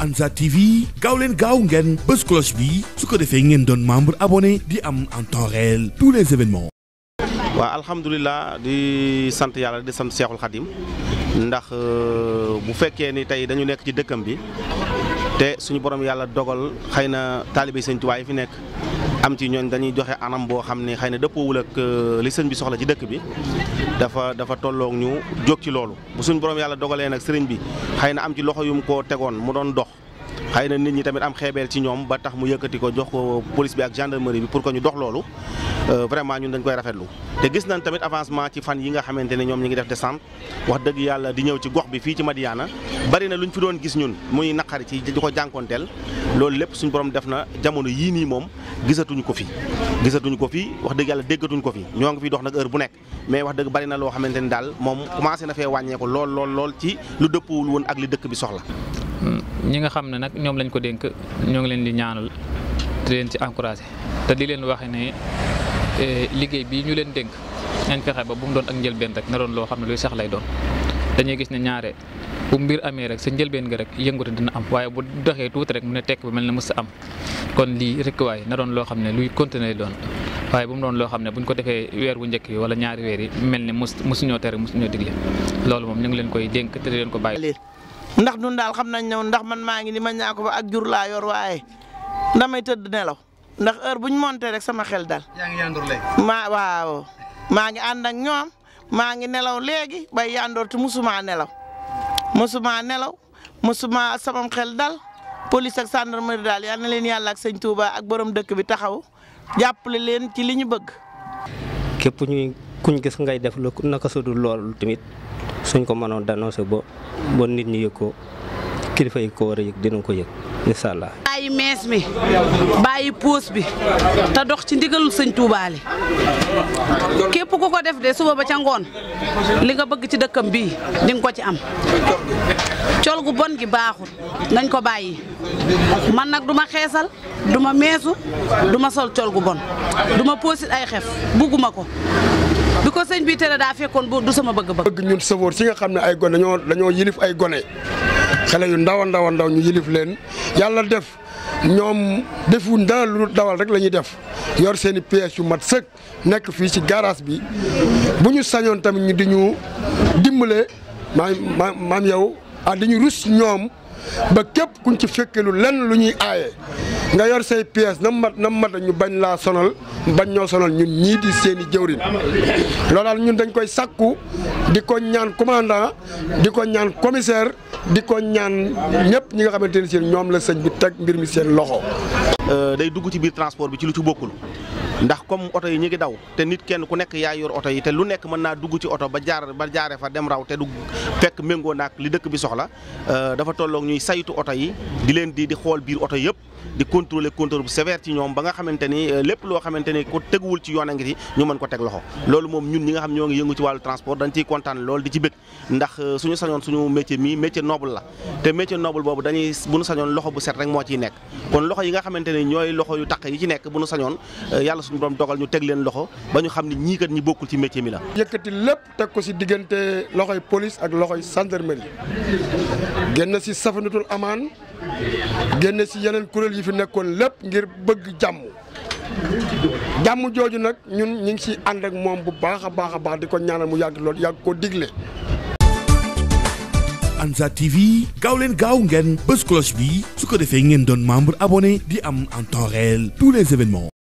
Ansar TV gaaw leen gaaw ngeen bés cloche bi su ko defee ngeen doon membre abonné di am en temps réel tous les événements. waaw alhamdulilah di sant yàlla di sant Seexul Xadim ndax euh, bu fekkee ni tey dañu nekk ci dëkkam bi. té suñu borom yalla dogal xeyna talibé señtu way fi nek am ci ñoon dañuy joxe anam bo xamné xeyna deppowul ak euh, li señ bi soxla ci dëkk bi dafa dafa tollok ñu jog ci loolu bu suñu borom yalla dogalé nak señ bi xeyna am ci loxoyum ko téggon mu doon dox xëy na nit ñi tamit am xeebeel ci ñoom ba tax mu yëkkati ko jox ko police bi ak gendarmerie bi pour que ñu dox loolu euh, vraiment ñun dañ koy rafetlu te gis nañ tamit avancement ci fan yi nga xamante ne ñoom ñi ngi def descente wax dëgg yàlla di ñëw ci gox bi fii ci Madiyana bari na lu ñu fi doon gis ñun muy naqari ci di ko jànkonteel loolu lépp suñu borom def na jamono yii nii moom gisatuñu ko fi gisatuñu ko fi wax dëgg yàlla déggatuñu ko fi ñoo ngi fi dox nag heure bu nekk mais wax dëgg na loo xamante ni daal moom commencé na fee lool lool lool ci lu dëppwul woon ak li dëkk bi soxla ñi nga xam ne nag ñoom lañ ko dénk ñoo ngi leen di ñaanal di leen ci encouragé te di leen waxe ne eh, liggéey bi ñu leen dénk nañ fexe ba bu mu doon ak njëlbeen rek na doon loo xam ne luy sax lay doon dañuy gis ne ñaare bu mbir amee rek sa njëlbeen nga rek yëngatu dina am waaye bu doxee tuuti rek mu ne tekk ba mel ne mës am kon lii rek waaye na doon loo xam ne luy continuer doon waaye bu mu doon loo xam ne buñ ko defee weer wu njëkk yi wala ñaari weer yi mel ne mës mësuñoo tere mësuñoo digle loolu moom ñu ngi leen koy dénk te di leen ko bàyyi. ndax ñun dal xamnañ ne ndax man ma ngi ni ma ñaako ba ak jur la yor waye damay teud nelaw ndax heure buñ monté rek sama xel dal yaangi yandur lay ma waaw ma ngi and ak ñom ma ngi nelaw legi bay yandor tu musuma nelaw musuma nelaw musuma sama xel dal police ak gendarmerie dal yalla leen yalla ak seigne touba ak borom dekk bi taxaw japp leen ci liñu bëgg kep ñuy kuñ gis ngay def lu naka sudul loolu tamit suñ ko mënoon dénoncé ba ba nit ñi yëg ko kilifa yi ko war a ko yëg incha allah. bàyyi mees mi bàyyi puus bi te dox ci ndigalul sëñ Touba képp ku ko def de suba ba ca ngoon li nga bëgg ci dëkkam bii di nga ko ci am col gu bon gi baaxul nañ ko bàyyi man nag duma xeesal duma meesu duma sol col gu bon duma poosit ay xef bugguma ko du ko sëñ bi tere daa fekkoon bu du sama bëgg-bëgg. ñu ñun sëfoor si nga xam ne ay gone dañoo dañoo yilif ay gone xale yu ndaw a ndaw ñu yilif leen yàlla def ñoom defuñ dara lu dawal rek la ñuy def yor seen i pièces yu mat sëkk nekk fii ci garage bi bu ñu sañoon tamit ñu di ñu dimbale maam maam yow a ah di ñu rus ñoom ba képp kuñ ci fekkelu lenn lu ñuy aaye. nga yor say pièces na mat na mat ñu bañ laa sonal bañ ñoo sonal ñun ñii di seen i jëwriñ loolu ñun dañ koy sakku di ko ñaan commandant di ko ñaan commissaire di ko ñaan ñëpp ñi nga xamante ne si ñoom la sëñ bi teg mbir mi seen loxo. Euh, day dugg ci biir transport bi ci lu ci bokkul. ndax comme oto yi ñu ngi daw te nit kenn ku nekk yaay yor oto yi te lu nekk mën naa dugg ci oto ba jaar ba jaaree fa dem raw te du fekk méngoo naak li dëkk bi soxla euh, dafa tolloog ñuy saytu oto yi di leen di di xool biir oto yëpp di contrôler contrôle bu sévère ci ñoom ba nga xamante ni euh, lépp loo xamante ni ku teguwul ci yoon ngi ci ñu mën ko teg loxo loolu moom ñun ñi nga xam ñoo ngi yëngu ci wàllu transport dañ ciy kontaan lool di ci bëgg ndax euh, suñu sañoon suñu métier mii métier noble la te métier noble boobu dañuy bu nu sañoon loxo bu set rek moo ciy nekk kon loxo yi nga xamante ni ñooy loxo yu taq yi ci nekk bu ñu sañoon suñu borom ñu teg leen loxo ba ñu xam ne ñii kat ñi bokkul ci métier mi la. yëkkati lépp teg ko si diggante loxoy police ak loxoy gendarmerie génn si safanatul amaan génn si yeneen kuréel yi fi nekkoon lépp ngir bëgg jàmm. jàmm jooju nag ñun ñu ngi siy ànd ak moom bu baax a baax a baax di ko ñaanal mu yàgg lool yàgg ko digle. Ansar TV gaaw leen gaaw ngeen bës cloche bi su ko defee ngeen doon membre abonné di am en temps réel tous les événements.